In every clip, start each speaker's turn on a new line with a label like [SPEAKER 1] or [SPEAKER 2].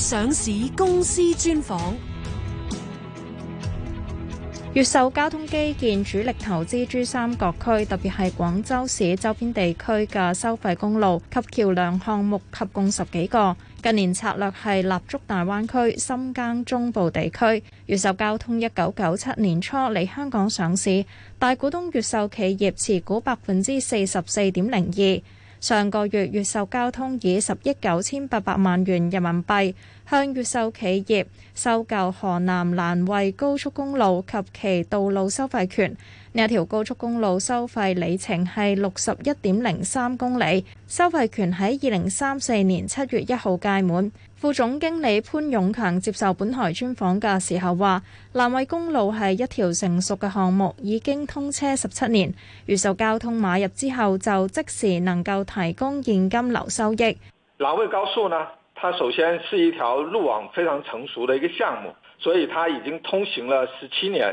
[SPEAKER 1] 上市公司專訪，越秀交通基建主力投資珠三角區，特別係廣州市周邊地區嘅收費公路及橋梁項目，合共十幾個。近年策略係立足大灣區，深耕中部地區。越秀交通一九九七年初嚟香港上市，大股東越秀企業持股百分之四十四點零二。上個月，月，越秀交通以十億九千八百萬元人民幣向越秀企業收購河南蘭惠高速公路及其道路收費權。呢一條高速公路收費里程係六十一點零三公里，收費權喺二零三四年七月一號屆滿，副總經理潘勇強接受本台專訪嘅時候話，南惠公路係一條成熟嘅項目，已經通車十七年。越秀交通買入之後就即時能夠提供現金流收益。
[SPEAKER 2] 蘭尉高速呢，它首先是一條路網非常成熟嘅一個項目，所以它已經通行了十七年。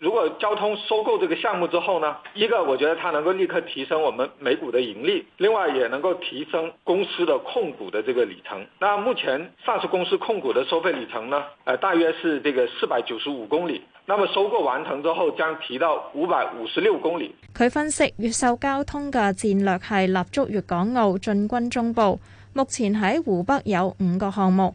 [SPEAKER 2] 如果交通收購這個項目之後呢，一個我覺得它能夠立刻提升我們每股的盈利，另外也能夠提升公司的控股的這個里程。那目前上市公司控股的收費里程呢，呃，大約是這個四百九十五公里。那麼收購完成之後將提到五百五十六公里。
[SPEAKER 1] 佢分析，越秀交通嘅戰略係立足粵港澳，進軍中部。目前喺湖北有五個項目。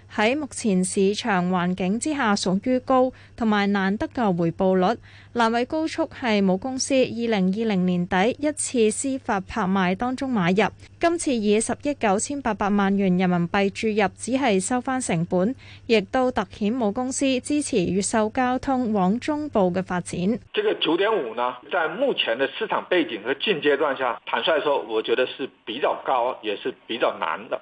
[SPEAKER 1] 喺目前市場環境之下，屬於高同埋難得嘅回報率。蘭尉高速係母公司二零二零年底一次司法拍賣當中買入，今次以十億九千八百萬元人民幣注入，只係收翻成本，亦都凸顯母公司支持越秀交通往中部嘅發展。
[SPEAKER 2] 這個九點五呢，在目前的市場背景和現階段下，坦率說，我覺得是比較高，也是比較難的。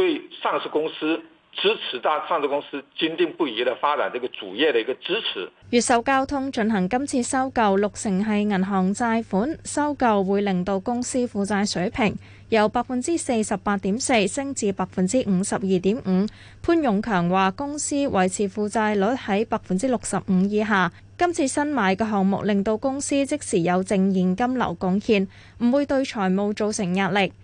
[SPEAKER 2] 對上市公司支持，大上市公司堅定不移的發展這個主業的一個支持。
[SPEAKER 1] 越秀交通進行今次收購，六成係銀行債款，收購會令到公司負債水平由百分之四十八點四升至百分之五十二點五。潘勇強話：公司維持負債率喺百分之六十五以下，今次新買嘅項目令到公司即時有正現金流貢獻，唔會對財務造成壓力。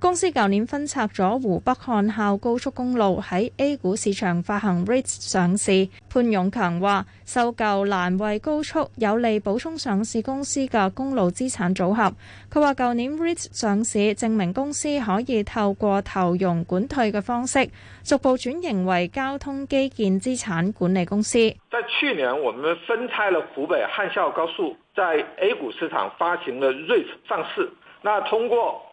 [SPEAKER 1] 公司舊年分拆咗湖北漢孝高速公路喺 A 股市場發行 REITs 上市。潘勇強話：收購蘭惠高速有利補充上市公司嘅公路資產組合。佢話：舊年 REITs 上市證明公司可以透過投融管退嘅方式，逐步轉型為交通基建資產管理公司。
[SPEAKER 2] 在去年，我們分拆了湖北漢孝高速，在 A 股市場發行了 REITs 上市。那通過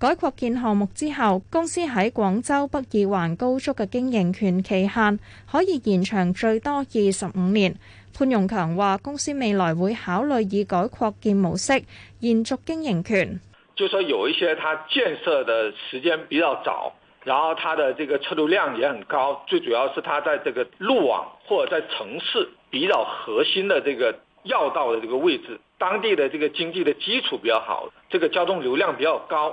[SPEAKER 1] 改擴建項目之後，公司喺廣州北二環高速嘅經營權期限可以延長最多二十五年。潘勇強話：公司未來會考慮以改擴建模式延續經營權。
[SPEAKER 2] 就說有一些它建設的時間比較早，然後它的這個車流量也很高，最主要是它在這個路網或者在城市比較核心的這個要道的這個位置，當地的這個經濟的基礎比較好，這個交通流量比較高。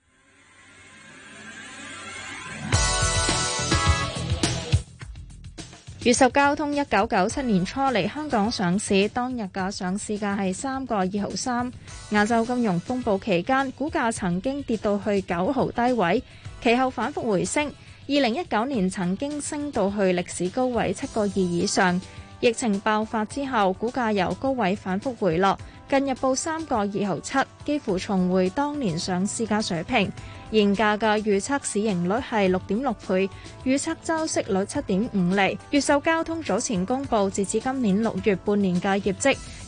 [SPEAKER 1] 越秀交通一九九七年初嚟香港上市，當日價上市價係三個二毫三。亞洲金融風暴期間，股價曾經跌到去九毫低位，其後反復回升。二零一九年曾經升到去歷史高位七個二以上。疫情爆發之後，股價由高位反復回落，近日報三個二毫七，幾乎重回當年上市價水平。現價嘅預測市盈率係六點六倍，預測周息率七點五厘。越秀交通早前公佈截至今年六月半年嘅業績。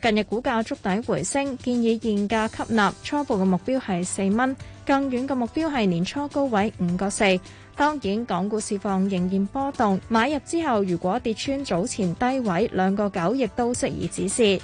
[SPEAKER 1] 近日股價築底回升，建議現價吸納，初步嘅目標係四蚊，更遠嘅目標係年初高位五個四。當然，港股市況仍然波動，買入之後如果跌穿早前低位兩個九，亦都適宜止蝕。